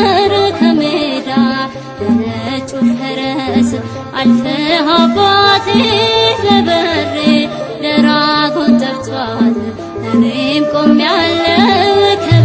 ከሐር ከሜዳ በነጩ ፈረስ አልፈ አባቴ ለበሬ ደራጎን ጠፍቷል እኔም ቆሜያለሁ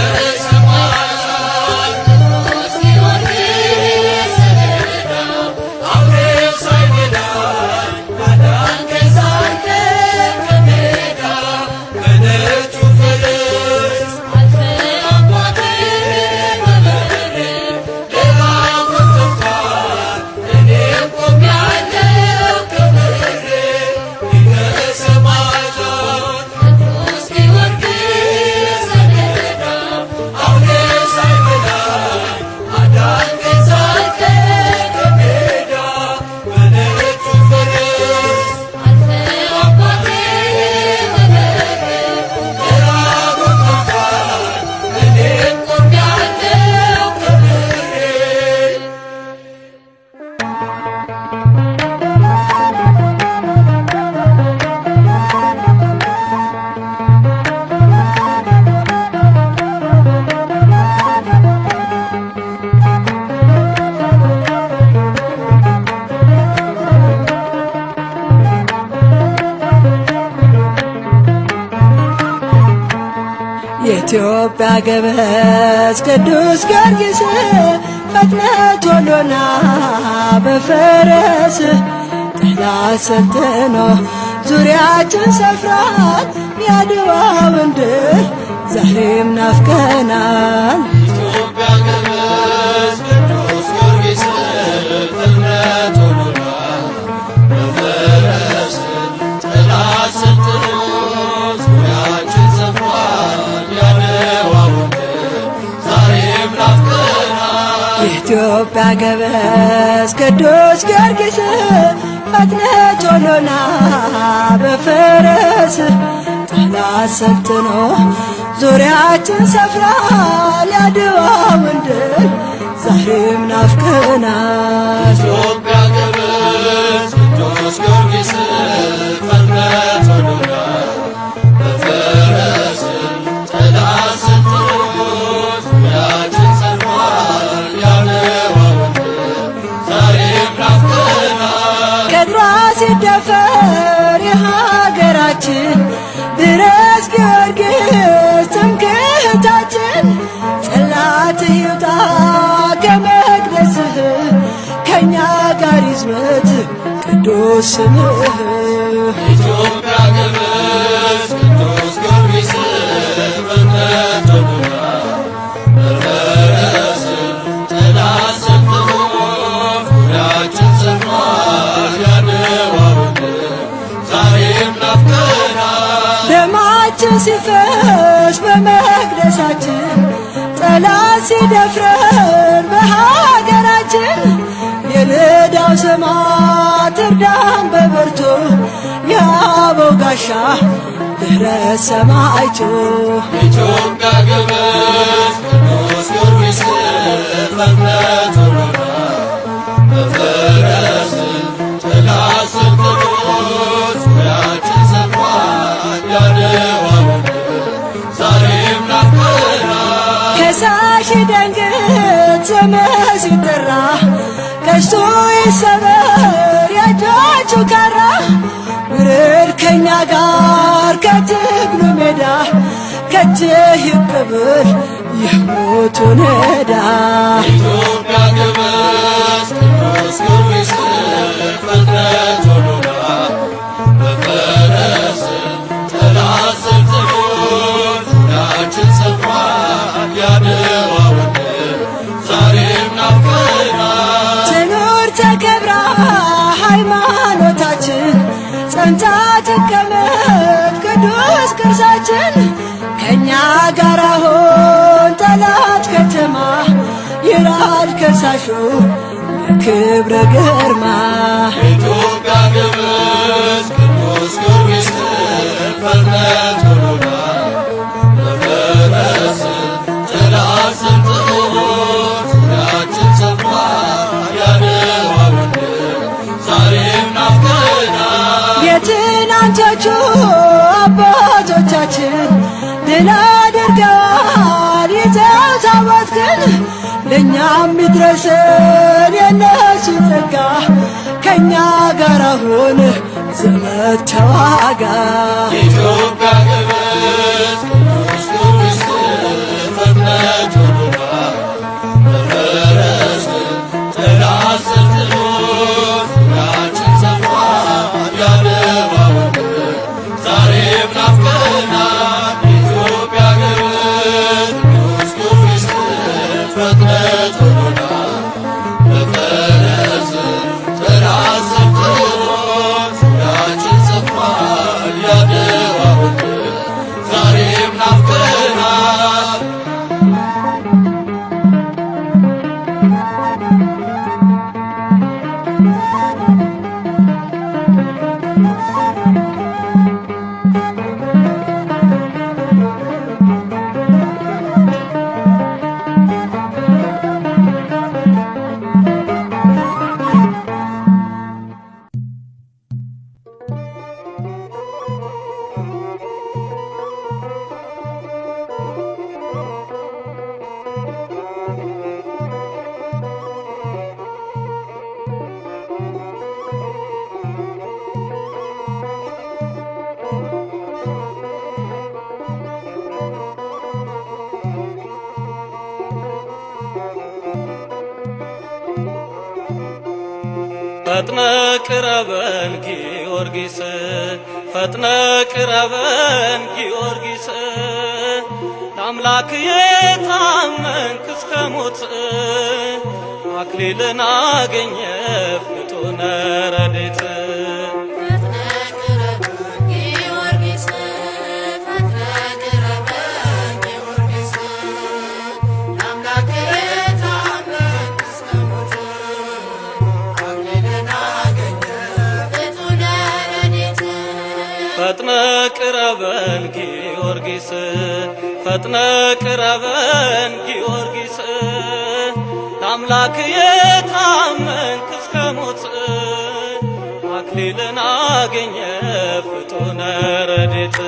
আছে ኢትዮጵያ ገበስ ቅዱስ ጊዮርጊስ ፈጥነ ቶሎና በፈረስ ጥላ ሰልጥኖ ዙሪያችን ሰፍራት ያድዋ ወንድር ዛሬም ናፍቀናል። ኢትዮጵያ ገበስ ቅዱስ ጊዮርጊስ ፈጥነህ ቶሎና በፈረስ ጠላት ሰልጥኖ ዙሪያችን ሰፍሯል። ያድዋ ወንድም ዛሬም ናፍቀህናል። ጌታችን ድረስ ጊዮርጊስ ትምክህታችን ጽላት ይውጣ ከመቅደስህ ከእኛ ጋር ይዝመት ቅዱስ ስምህ ሲፈስ በመቅደሳችን ጠላት ሲደፍረን በሀገራችን የልዳው ሰማዕት እርዳን በብርቱ የአበው ጋሻ ድኅረት ሰማዕቱ ኢትዮጵያ ግብጽ ንጉሥ ጊዮርጊስ ፈጥነ ሲደንግጥ ስምህ ሲጠራ ከስቶ ይሰበር የእጃችሁ ካራ ውረድ ከእኛ ጋር ከትግሉ ሜዳ ከእጅህ ይቀበር የሞቱ ነዳ ኢትዮጵያ ገበዝ ቅዱስ ጊዮርጊስ ፈጥነ ቶሎና ሃይማኖታችን ጸንታ ትቀመጥ ቅዱስ ቅርሳችን ከእኛ ጋር ሆን ጠላት ከተማ ይራል ከሳሹ ክብረ ግርማ ኢትዮጵያ ግብጽ ቅዱስ ጊዮርጊስ ፈርነት አባቶቻችን ድል አድርገዋል። ይዘው ታቦት ግን ለእኛም ይድረስን የነሱ ጸጋ ከእኛ ጋር አሁን ዘመድ ተዋጋ ቅረበን ጊዮርጊስ ፈጥነ ቅረበን ጊዮርጊስ ለአምላክ የታመንክ እስከ ሞት አክሊልን አገኘ ፍጡነ ረድኤት ፈጥነ ቅረበን ጊዮርጊስ ከአምላክ የታመንክ እስከ ሞት አክሊልን አገኘ ፍጡነ ረድኤት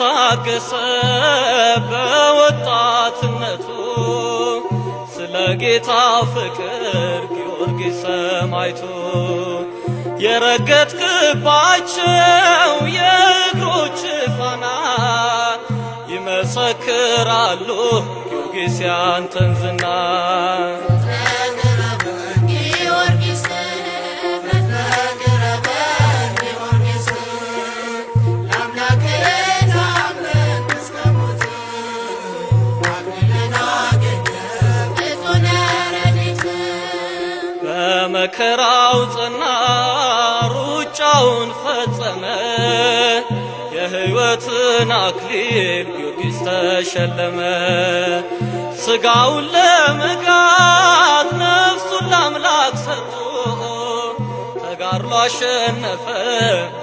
ታገሰ በወጣትነቱ ስለ ጌታ ፍቅር ጊዮርጊስ ሰማይቱ የረገጥክባቸው የእግሮች ፋና ይመሰክራሉ ጊዮርጊስ ያንተን ዝና በመከራው ጽና ሩጫውን ፈጸመ። የሕይወትን አክሊል ጊዮርጊስ ተሸለመ። ሥጋውን ለመጋት ነፍሱን ለአምላክ ሰጥቶ ተጋድሎ አሸነፈ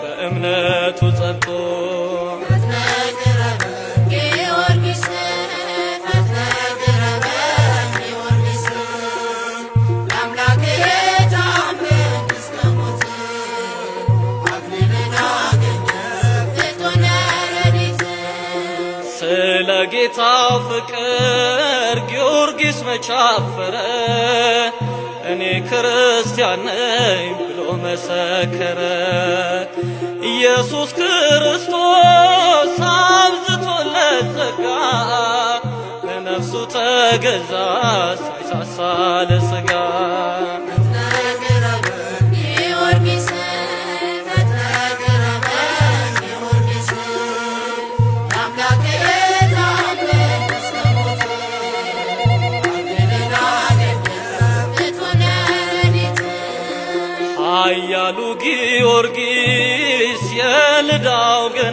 በእምነቱ ጸንቶ ፍቅር ጊዮርጊስ መቻፈረ እኔ ክርስቲያን ነኝ ብሎ መሰከረ። ኢየሱስ ክርስቶስ አብዝቶ ጸጋ ለነፍሱ ተገዛ ሳይሳሳ ለስጋ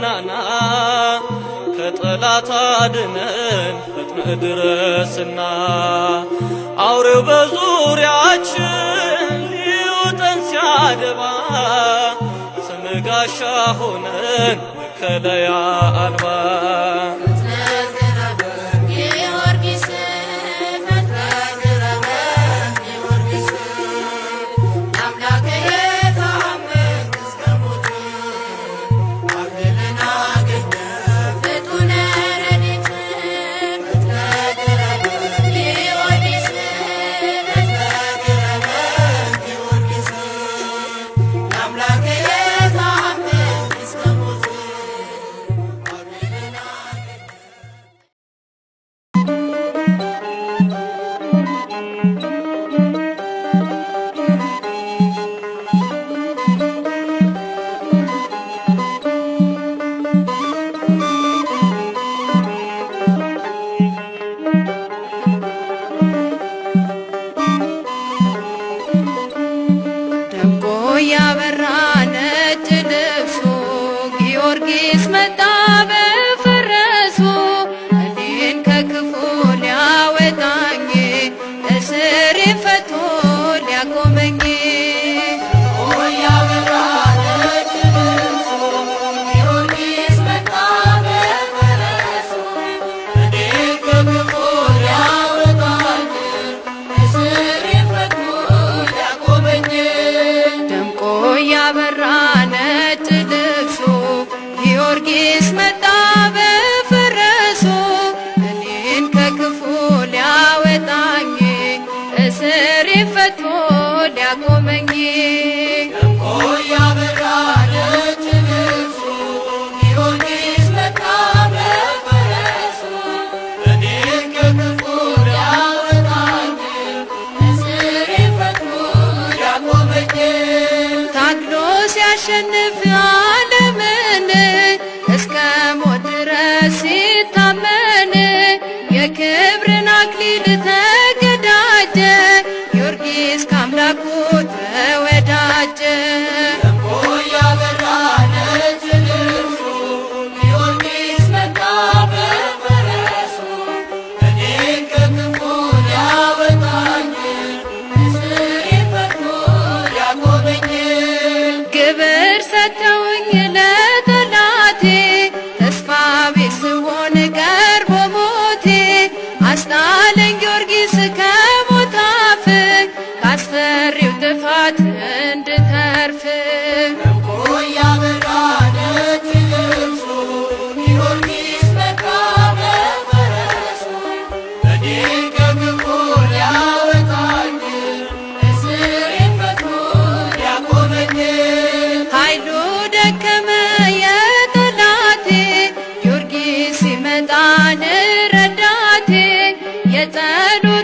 ገናና ከጠላት አድነን ፈጥነ ድረስና አውሬው በዙሪያችን ሊውጠን ሲያደባ ስምጋሻ ሆነን መከለያ አልባ የጸሎት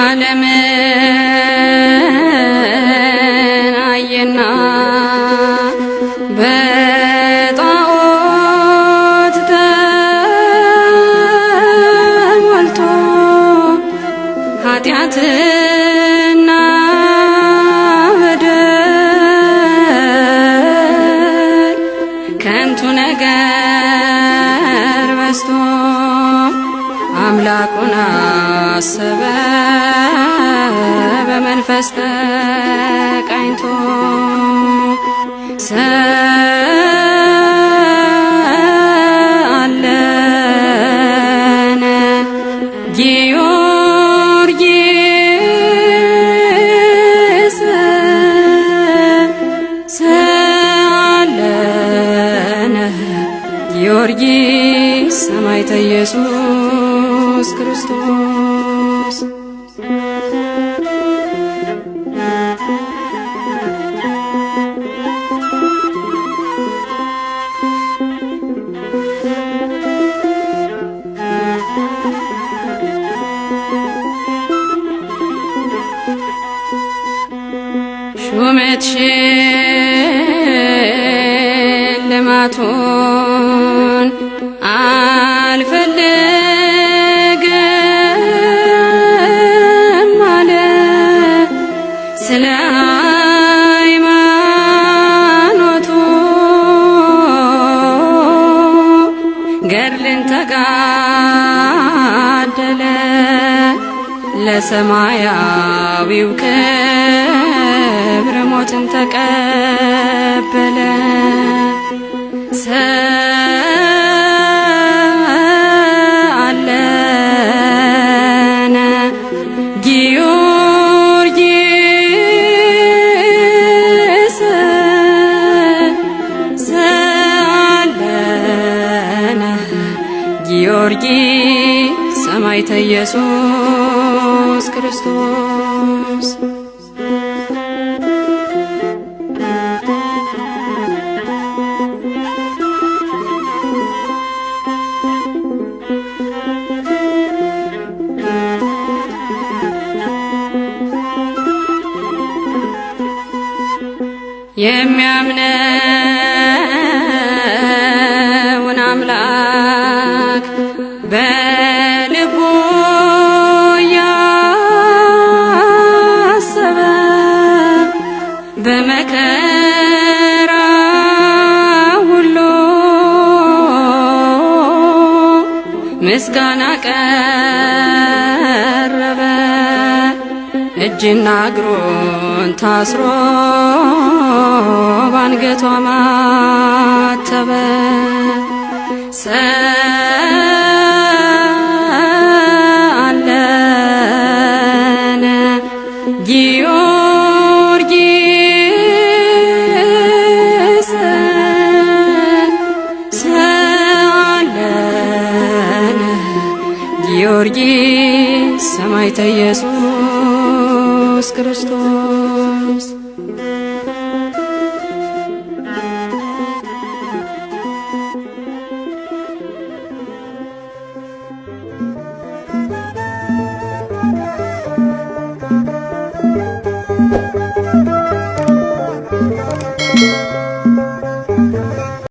My alemin. ስለ ሃይማኖቱ ገድልን ተጋደለ ለሰማያዊው ክብር ሞትን ተቀበለ። ኢየሱስ ክርስቶስ የሚያምነ እጅና እግሩን ታስሮ ባንገቷ ማተበ ሰአለነ ጊዮርጊስ ሰአለነ ጊዮርጊስ ሰማዕተ ኢየሱስ Cristo.